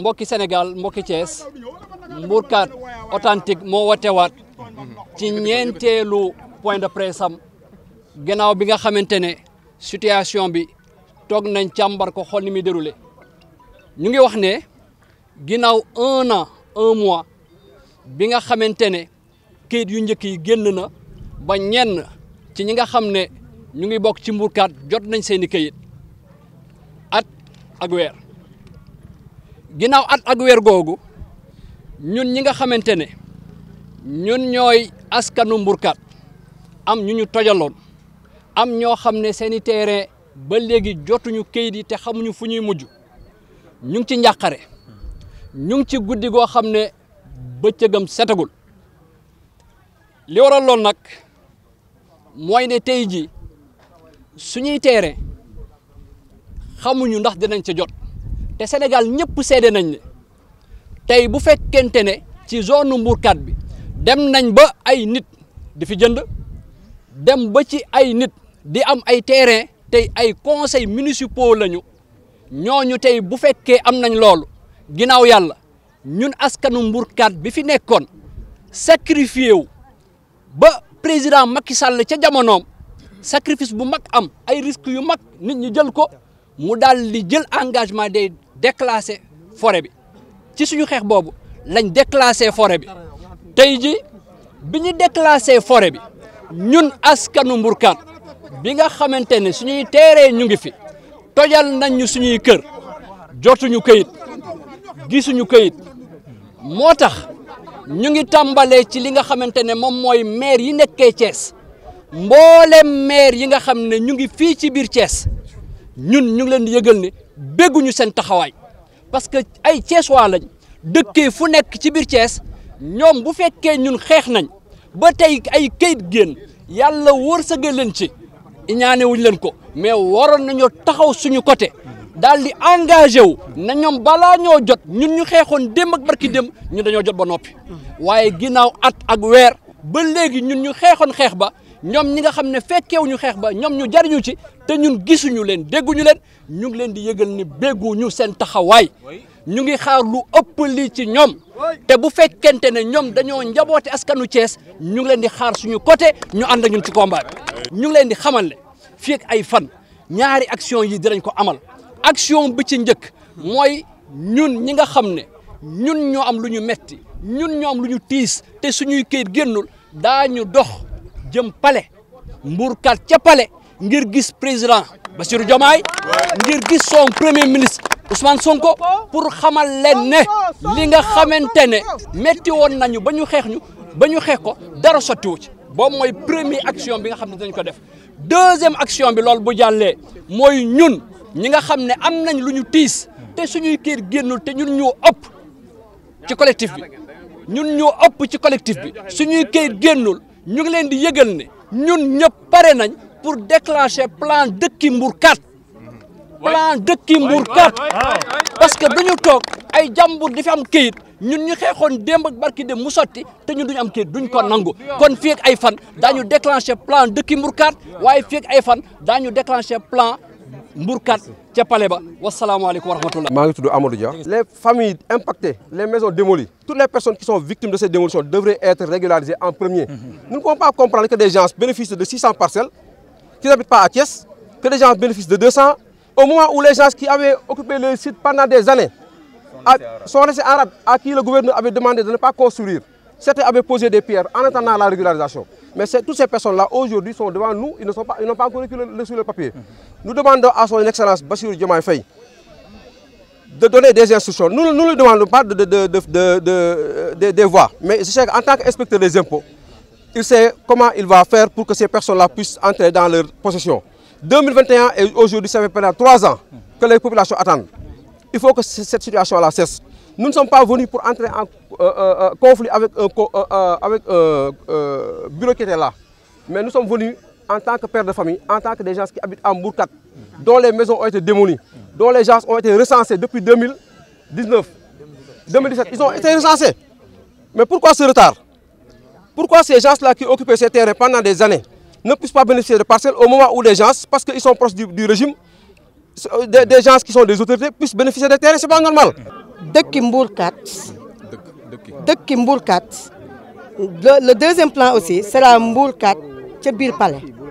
mbokki senegal mbokki Thiès mbuurkat authentique moo watewaat ci ñeenteelu point de presse am gannaaw bi nga xamante ne situation bi toog nañ càmbar ko xool ni muy déroulé ñu ngi wax ne ginnaaw un an un mois bi nga xamante ne yu njëkk yi na ba ñenn ci ñi nga ne ñu ngi bokk ci mbuurkat jot nañ at ak ginnaaw at ak weer googu ñun ñi nga xamante ne ñun ñooy askanu mburkat am ñu ñu tojaloon am ñoo xam ne seeni terrain ba léegi jotuñu kayit yi te xamuñu fu ñuy mujj ñu ngi ci njàqare ñu ngi ci guddi goo xam ne bëccëgam setagul li waral nag mooy ne tey ji suñuy terrain xamuñu ndax dinañ ca jot te Sénégal ñëpp seede nañ ne tey bu fekkente ne ci zone Mbourkat bi dem nañ ba ay nit di fi jënd dem ba ci ay nit di am ay terrain tey ay conseils municipaux lañu ñooñu tey bu fekkee am nañ loolu ginnaaw yàlla ñun askanu Mbourkat bi fi nekkoon sacrifié wu ba président Macky Sall ca jamonoom sacrifice bu mag am ay risques yu mag nit ñi jël ko mu daal di jël engagement des. déclassé foore bi ci suñu xeex boobu lañ déclassé foore bi tey ji bi ñu déclassé foore bi ñun askanu Mbourkaan bi nga xamante ne suñuy teeree ñu ngi fi tojal nañ suñuy kër jotuñu këyit gisuñu këyit moo tax ñu ngi tàmbalee ci li nga xamante ne moom mooy maire yi nekkee Thiès mboole maire yi nga xam ne ñu ngi fii ci biir cees ñun ñu ngi leen di yëgal ne bégguñu seen taxawaay parce que ay Thiessois lañ dëkkee fu nekk ci biir Thiès ñoom bu fekkee ñun xeex nañ ba tey ay kayit génn yàlla wërsëgal leen ci ñaane wuñ leen ko mais waroon nañoo taxaw suñu côté daal di engagé wu na ñoom balaa ñoo jot ñun ñu xeexoon dém ak barki démb ñun dañoo jot ba noppi waaye ginnaaw at ak weer ba léegi ñun ñu xeexoon xeex ba ñoom ñi nga xam ne fekkewuñu xeex ba ñoom ñu jariñu ci te ñun gisuñu leen dégguñu leen ñu ngi leen di yëgal ni bégguñu seen taxawaay ñu ngi xaar lu ëpp li ci ñoom te bu fekkente ne ñoom dañoo njaboote askanu Thiès ñu ngi leen di xaar suñu côté ñu ànd ñun ci combat ñu ngi leen di xamal ne fii ay fan ñaari action yi dirañ ko amal action bi ci njëkk mooy ñun ñi nga xam ne ñun ñoo am lu ñu metti ñun ñoo am lu ñu tiis te suñuy këyit génnul daañu dox jëm palais mbuurkat ca palais ngir gis président Bassirou Diomaye ngir gis son premier ministre Ousmane Sonko pour xamal leen ne li nga xamante ne métti woon nañu ba ñu xeex ñu ba ñu xeex ko dara sottiwu ci boo mooy premier action bi nga xam ne dañ ko def deuxième action bi loolu bu jàllee mooy ñun ñi nga xam ne am nañ lu ñu tiis te suñuy kër génnul te ñun ñoo ëpp ci collectif bi ñun ñoo ëpp ci collectif bi suñuy kër génnul ñu ngi leen di yëgal ne ñun ñëpp pare nañ pour déclencher plan dëkki Mbour 4 plan dëkki Mbour 4 parce que duñu toog ay jàmbur di fi am këyit ñun ñu xeexoon démb ak barki dem mu sotti te ñun duñu am këyit duñ ko nangu kon fii ay fan daañu déclencher plan dëkki Mbour waaye fii ak ay fan daañu déclencher plan Mbour 4 les familles impactées les maisons démolies toutes les personnes qui sont victimes de ces démolitions devraient être régularisées en premier. Mhm. nous ne pouvons pas comprendre que des gens bénéficient de 600 parcelles qui n'habitent pas à Thiès que des gens bénéficient de 200 au moment où les gens qui avaient occupé le site pendant des années sont restés arabes à qui le gouvernement avait demandé de ne pas construire certains avaient posé des pierres en attendant la régularisation. Mais toutes ces personnes-là, aujourd'hui, sont devant nous, ils n'ont pas, ils pas encore sur le papier. Nous demandons à son Excellence Bashir Diomaye Faye de donner des instructions. Nous ne lui demandons pas de, de, voix, mais en tant qu'inspecteur des impôts, il sait comment il va faire pour que ces personnes-là puissent entrer dans leur possession. 2021 et aujourd'hui, ça fait pendant trois ans que les populations attendent. Il faut que cette situation-là cesse. Nous ne sommes pas venus pour entrer en euh, euh, euh, conflit avec, bureau qui était là. Mais nous sommes venus en tant que père de famille, en tant que des gens qui habitent en Bourkat, dont les maisons ont été démolies, dont les gens ont été recensés depuis 2019. 2017, ils ont été recensés. Mais pourquoi ce retard Pourquoi ces gens-là qui occupaient ces terres pendant des années ne puissent pas bénéficier de parcelles au moment où les gens, parce qu'ils sont proches du, régime, des, des, gens qui sont des autorités, puissent bénéficier des terres, ce n'est pas normal. De Mbourkat le deuxième plan aussi sera Mbourkat ca Bir palais